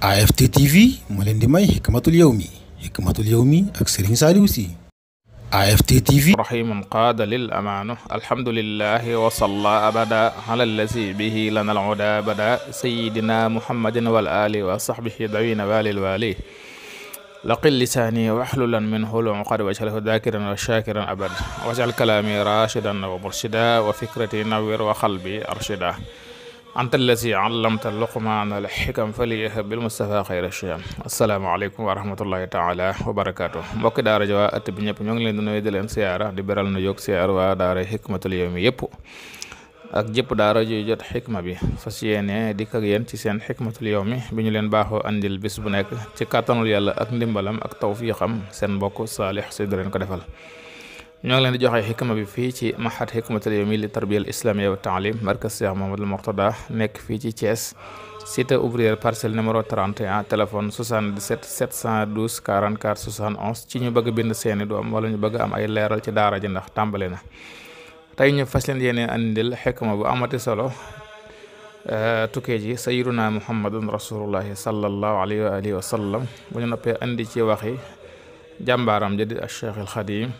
AFT TV moo leen di may xikmatul yawmi xikmatul yawmi ak Serigne Saliou Sy AFT TV rahiman qaada lil amaanu alhamdulillahi wa salla abada ala allazi bihi lana al-huda bada sayyidina muhammadin wal ali wa sahbihi dawina walil wali laqil lisaani waxlulan min hulum qad wajhalhu dakiran wa shakiran abad wajal kalaami rashidan wa murshida wa fikrati nawwir wa qalbi arshida anta allasi allamta luqmaana al xikam faliha bil mustafa xayra shiyam asalaamaaleykum wa rahmatullahi taala wa barakaatu mbokki daara ji waa bi ñëpp ñoo ngi leen di nuyu di leen siyaara di beral nu yóg siyaar waa daara xikmatul yawmi yëpp ak jëpp daara yi jot xikma bi fas yéene dikk ak yéen ci seen xikmatul yawmi bi ñu leen baaxoo andil bis bu nekk ci kàttanul yàlla ak ndimbalam ak tawfiixam seen mbokk saalix si di leen ko defal ñoo ngi leen di joxe xikma bi fii ci mahad xikmatul yawmi li tarbiya al islamiyya wa taalim markaz Cheikh Mouhamadou Mourtada nekk fii ci Thiès cité ouvrière parcelle numéro 31 téléphone 77 712 44 71 ci ñu bëgg bind seeni doom wala ñu bëgg am ay leeral ci daara ji ndax tàmbali na tey ñu fas leen yéene andil xikma bu amati solo eh, tukkee ji sayyiduna muhammadun rasulullahi sallallahu alayhi wa alihi wa sallam bu ñu noppee andi ci waxi jàmbaaram jadi al cheikh al xadim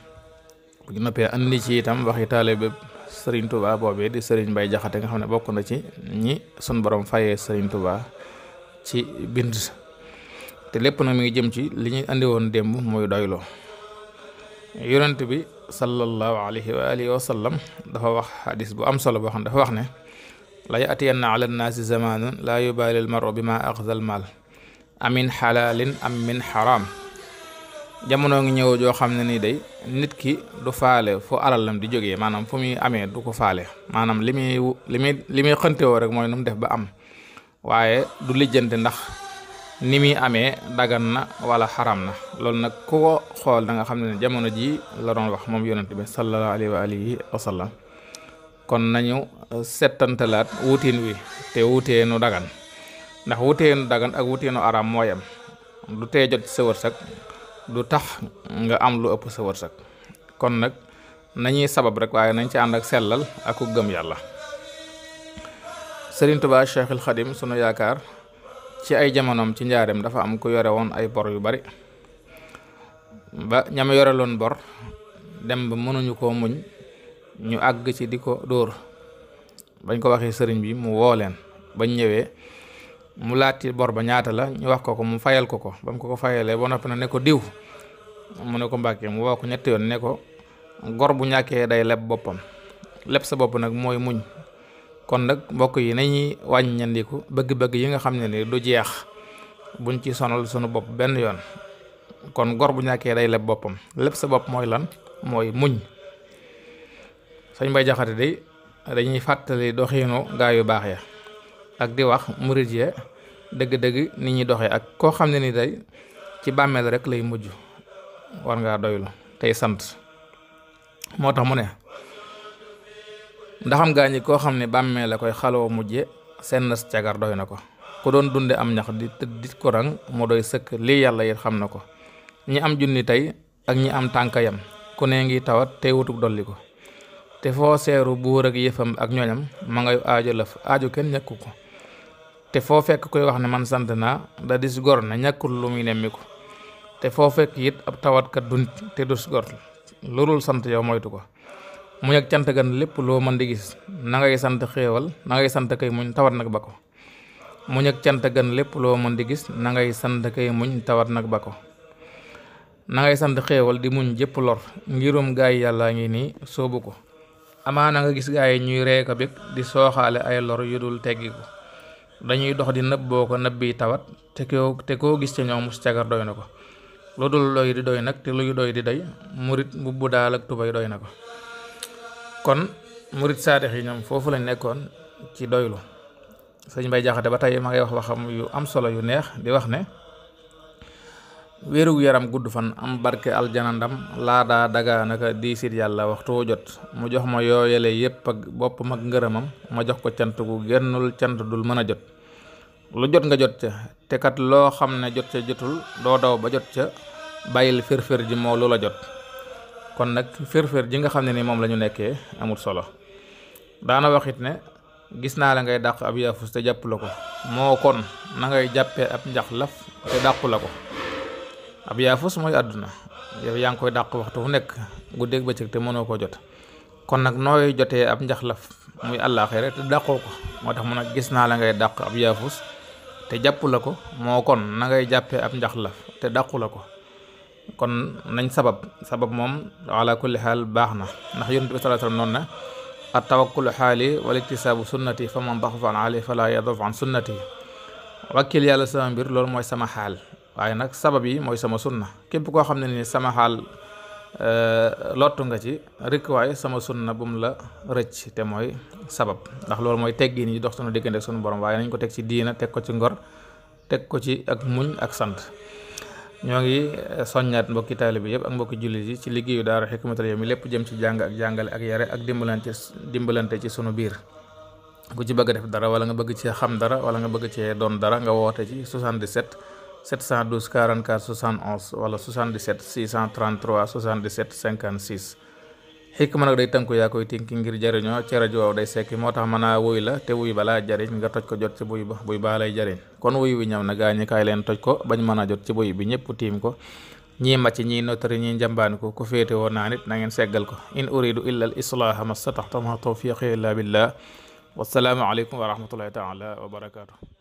bu ñu noppee andi ci itam waxi taalibe Serigne Touba boobee di Serigne Mbaye Jaxate nga xam ne bokk na ci ñi sun borom fayee Serigne tubaa ci bind te lépp nag mi ngi jëm ci li ñuy andi woon démb muy doyloo yonent bi sallallahu alayhi wa alihi wa dafa wax xadis bu am solo boo xam ne dafa wax ne la yatiyanna ala nnaasi zamanun laa yubaali al maru bi ma axza maal amin xalaalin am xaraam jamono ngi ñëw joo xam ne nii day nit ki du faale fu alalam di jógee maanaam fu muy amee du ko faale maanaam li muy li muy li muy xëntewoo rek mooy nu mu def ba am waaye du lijjante ndax ni muy amee dagan na wala xaram na loolu nag ku ko xool da nga xam ne jamono ji la doon wax moom yonent bi sallallahu alayhi wa kon nañu uh, settantalaat wi te wuuteenu dagan ndax wuuteenu dagan ak wuuteenu aram mooy am du tee jot ci sa lu tax nga am lu ëpp sa wërsëg kon nag nañuy sabab rek waaye nañ ci ànd ak sellal ak ku gëm yàlla Sëriñ Tuubaa Cheikhul Xadim sunu yaakaar ci ay jamonoom ci njaareem dafa am ku yore woon ay bor yu bari ba ñama yore loon bor dem ba mënuñu koo muñ ñu àgg ci di ko dóor bañ ko waxee sëriñ bi mu woo leen bañ ñëwee mu laati bor ba ñaata la ñu wax ko ko mu fayal ko ko ba mu ko ko fayalee ba noppi na ne ko diw mu ne ko mbàkkee mu woo ko ñetti yoon ne ko gor bu ñàkkee day leb boppam lépp sa bopp nag mooy muñ kon nag mbokk yi nañuy wàññandiku bëgg-bëgg yi nga xam ne ni du jeex buñ ci sonal sunu bopp benn yoon kon gor bu ñàkkee day leb boppam leb sa bopp mooy lan mooy muñ sañ bay jaxate day dañuy fàttali doxiinu gaa yu baax ya ak di wax murid ya dëgg-dëgg ni ñuy doxee ak koo xam ne ni tey ci bàmmeel rek lay mujj war ngaa doylu tey sant moo tax mu ne ndaxam gaa ñi koo xam ne bàmmeel la koy xaloo mujje seen nas cagar doy na ko ku doon dunde am ñax di tëdd di ko rang mu doy sëkk lii yàlla yit xam na ko ñi am junni tey ak ñi am tànkayam ku ne ngi tawat tey wutug dolli ko te foo seeru buur ak yëfam ak ñooñam mu ngay aajo lëf aajo kenn ñekku ko te foo fekk koy wax ne man sant naa da dis na ñàkkul lu muy nemmi te foo fekk it ab tawatkat dun te dus gor loolul sant yow moytu ko muñ ak cant gan lépp loo mën di gis na sant xéewal na ngay sant kay muñ tawat nag ba ko muñ cant gan lépp loo mën di gis na ngay sant kay tawat nag ba ko na sant xéewal di muñ jëpp lor ngirum gaay yàlla yàllaa ngi nii soobu ko amaana nga gis gaay ñuy ree ko bég di sooxaale ay lor yu dul teggi dañuy dox di nëb boo ko nëbbi tawat te koo te koo gis ci ñoom cagar doy na ko lu dul doy di doy nag te luy doy di doy murit mbubb daal ak tubay doy na ko kon murit saadex yi ñoom foofu lañ nekkoon ci doylu sëñ bay Jaxate ba tey ma ngay wax waxam yu am solo yu neex di wax ne wérug yaram gudd fan am barke aljanandam laadaa daga naka diisit yàlla waxtu jot mu jox ma yooyale yépp ak boppam ak ngërëmam ma jox ko cant gu gennul cant dul mën a jot lu jot nga jot ca te kat loo xam ne jot ca jotul doo daw ba jot ca bàyyil firfir ji moo lu la jot kon nag firfir ji nga xam ne ni moom lañu nekkee amul solo daana waxit ne gis naa la ngay dàq ab yaafus te jàpp la ko moo kon na ngay jàppee ab njaxlaf te dàqu la ko ab yaafus mooy àdduna yow yaa ngi koy dàq waxtu fu nekk guddeeg bëccëg te mënoo koo jot kon nag nooy jotee ab njax njaxlaf muy àllaaxira te dàqoo ko moo tax mu nag gis naa la ngay dàq ab yaafus te jàpp la ko moo kon na ngay jàppee ab njaxlaf te dàqu la ko kon nañ sabab sabab moom ala kulli xaal baax na ndax yonent bi sallallahu alayhi wasallam noonu na at tawakkulu xaali wal iktisaabu sunnati fa man daxafa an ali fala yadaf an sunnati wakkil yàlla sama mbir loolu mooy sama xaal waaye nag sabab yi mooy sama sunna képp koo xam ne ni sama xaal euh, lottu nga ci rek waaye sama sunna bu mu la rëcc te mooy sabab ndax loolu mooy teggin dox sunu diggante sunu borom waaye nañ ko teg ci diina teg ko ci ngor teg ko ci ak muñ ak sant ñoo ngi euh, soññaat mbokki taalibe bi yëpp ak mbokki jullit yi ci liggéeyu daara Hikmatul Yawmi lépp jëm ci jàng ak jàngale ak yare ak dimbalante dimbalante ci sunu biir ku ci bëgg def dara wala nga bëgg cee xam dara wala nga bëgg cee doon dara nga woote ci 77 712 44 71 wala 77 633 77 56 ma nag day tënku yaa koy tinki ngir jariñoo ci rajo waaw day sekki moo tax mën a wuy la te wuy balaa jariñ nga toj ko jot ci buy ba buy baa lay jariñ kon wuy wi ñaw na gaa kaay leen toj ko bañ mën a jot ci buy bi ñëpp tiim ko ñii màcc ñii notari ñii njambaani ko ku féete woon naa nit na ngeen seggal ko in uridu illa al islaaha mastataxtama tawfiqi illa billah wasalaamu aleykum wa rahmatullahi taala wa barakaatu